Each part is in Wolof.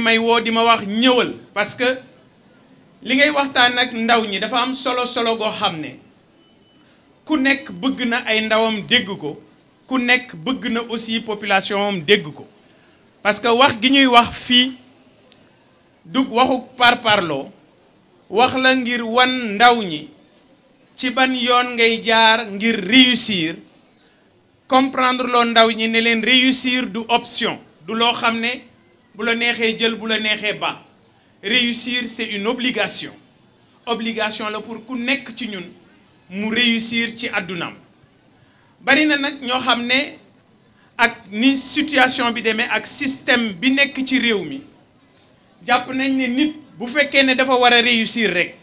may woo di ma wax ñëwal parce que li ngay waxtaan ak ndaw ñi dafa am solo solo goo xam ne ku nekk bëgg na ay ndawam dégg ko ku nekk bëgg na aussi population am dégg ko parce que wax gi ñuy wax fii du waxu parparloo wax la ngir wan ndaw ñi ci ban yoon ngay jaar ngir réussir comprendre lo ndaw ñi ne leen réussir du option du lo xamné bu la nexé jël bu la nexé ba réussir c'est une obligation obligation la pour ku nekk ci ñun mu réussir ci àddunaam bari na nak ño xamné ak ni situation bi démé ak système bi nekk ci réew mi japp nañ ne nit bu féké né dafa wara réussir rek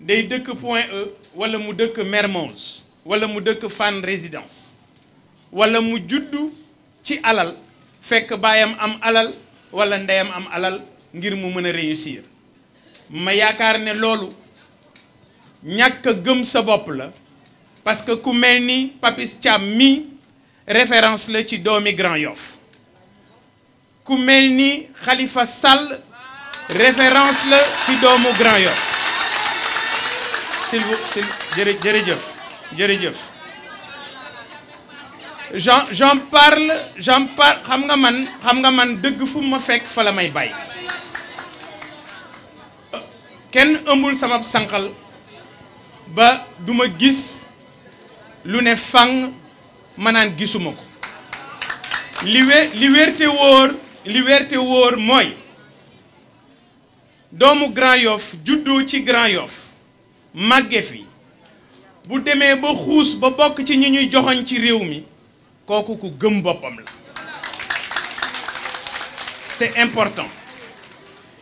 day dëkk Point E wala mu dëkk Mermoz wala mu dëkk fan Résidence wala mu judd ci alal fekk bayam » am alal wala ndeyam am alal ngir mu réussir ma ne loolu ñàkk sa parce que ku référence le « ci doomi Grand Khalifa sal » référence le « ci doomu Grand Yoff s'il vous j'en j'en parle j'en parle xam nga man xam nga man dëgg fu ma fekk fa la may bay kenn ëmbul sama sànqal ba duma gis lu ne fang ma naan gisuma ko li wé wóor li wóor mooy doomu Grand Yoff juddoo ci Grand Yoff màgge fi bu demee ba xuus ba bokk ci ñi ñuy joxoñ ci réew mi gëm la c'est important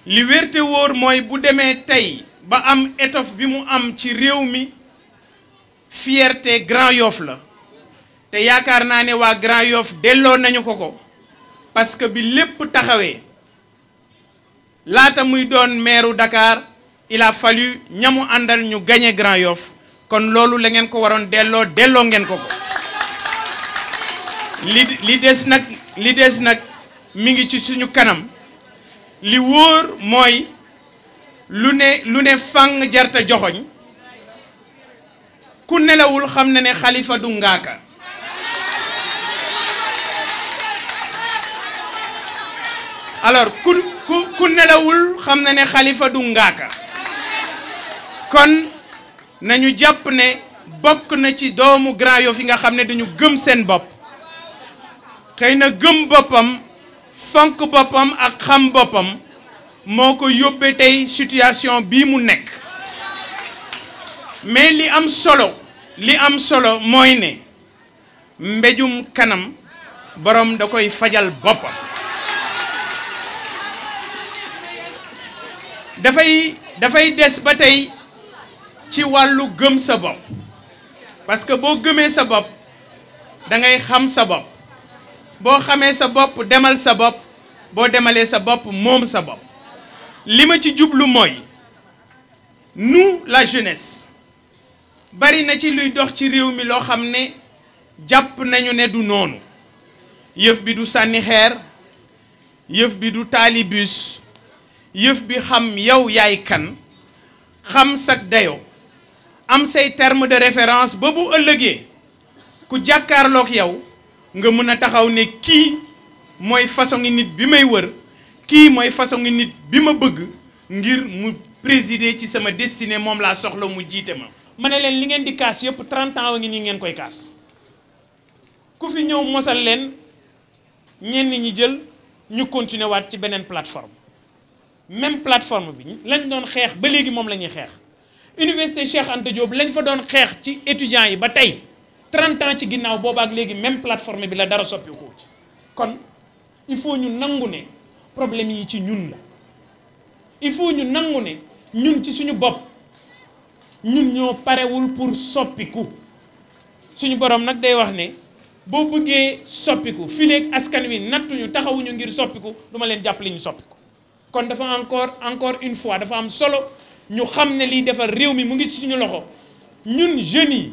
li werté wor moy bu démé tay ba am étoffe bi mu am ci réwmi mi fierté Grand Yoff la té yaakaar naa wa waa Grand Yoff delloo nañu koko parce que bi lépp taxawé lata muy doon meeru Dakar il a fallu ñamu andal ñu gagner Grand Yoff kon lolu la ngeen ko waron delloo delloo ngeen ko li des nag li des nag mi ngi ci suñu kanam li wóor mooy lu ne lu ne fang jarta joxoñ ku nelawul xam na ne xalifa du ngaaka ku nelawul xam na ne xalifa du ngaaka kon nañu jàpp ne bokk na ci doomu Grand Yoff yi nga xam ne dañu gëm seen bopp xëy na gëm boppam fonk boppam ak xam boppam moo ko yóbbee tey situation bii mu nekk mais li am solo li am solo mooy ne mbéjum kanam borom da koy fajal boppam dafay dafay des ba tey ci wàllu gëm sa bopp parce que boo gëmee sa bopp da ngay xam sa bopp bo xamé sa bop demal sa vous bo démalé sa bop mom sa bop lima ci djublu que nous la jeunesse bari na ci luy dox ci réew mi loo nous nañu né du noonu yef bi du des xeer yef bi du talibus yef bi xam yow yaay kan xam dayo am say terme de référence ba bu ku yow nga mën a taxaw ne kii mooy façon ngi nit bi may wër kii mooy façon ngi nit bi ma bëgg ngir mu présider ci sama destinée moom laa soxla mu jiite ma. ma ne leen li ngeen di kaas yëpp 30 ans wa ngi nii ngeen koy kaas ku fi ñëw mosal leen ñenn ñi jël ñu continuer waat ci beneen plateforme même plateforme bi lañ doon xeex ba léegi moom la ñuy xeex université Cheikh Anta lañ fa doon xeex ci étudiants yi ba tey. 30 ans ci ginnaaw ak léegi même plateforme bi la dara soppi ci kon il faut ñu nangu ne problème yi ci ñun la il faut ñu nangu ne ñun ci suñu bopp ñun ñoo parewul pour soppiku suñu borom nag day wax ne boo bëggee soppiku fileeg askan wi nattuñu taxawuñu ngir soppiku duma leen jàppale ñu soppiku kon dafa encore encore une fois dafa am solo ñu xam ne liy defar réew mi mu ngi ci suñu loxo ñun jeunes yi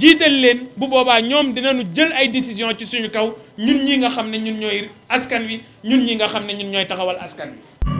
jiital leen bu boobaa ñoom dinañu jël ay décision ci suñu kaw ñun ñi nga xam ne ñun ñooy askan wi ñun ñi nga xam ne ñun ñooy taxawal askan wi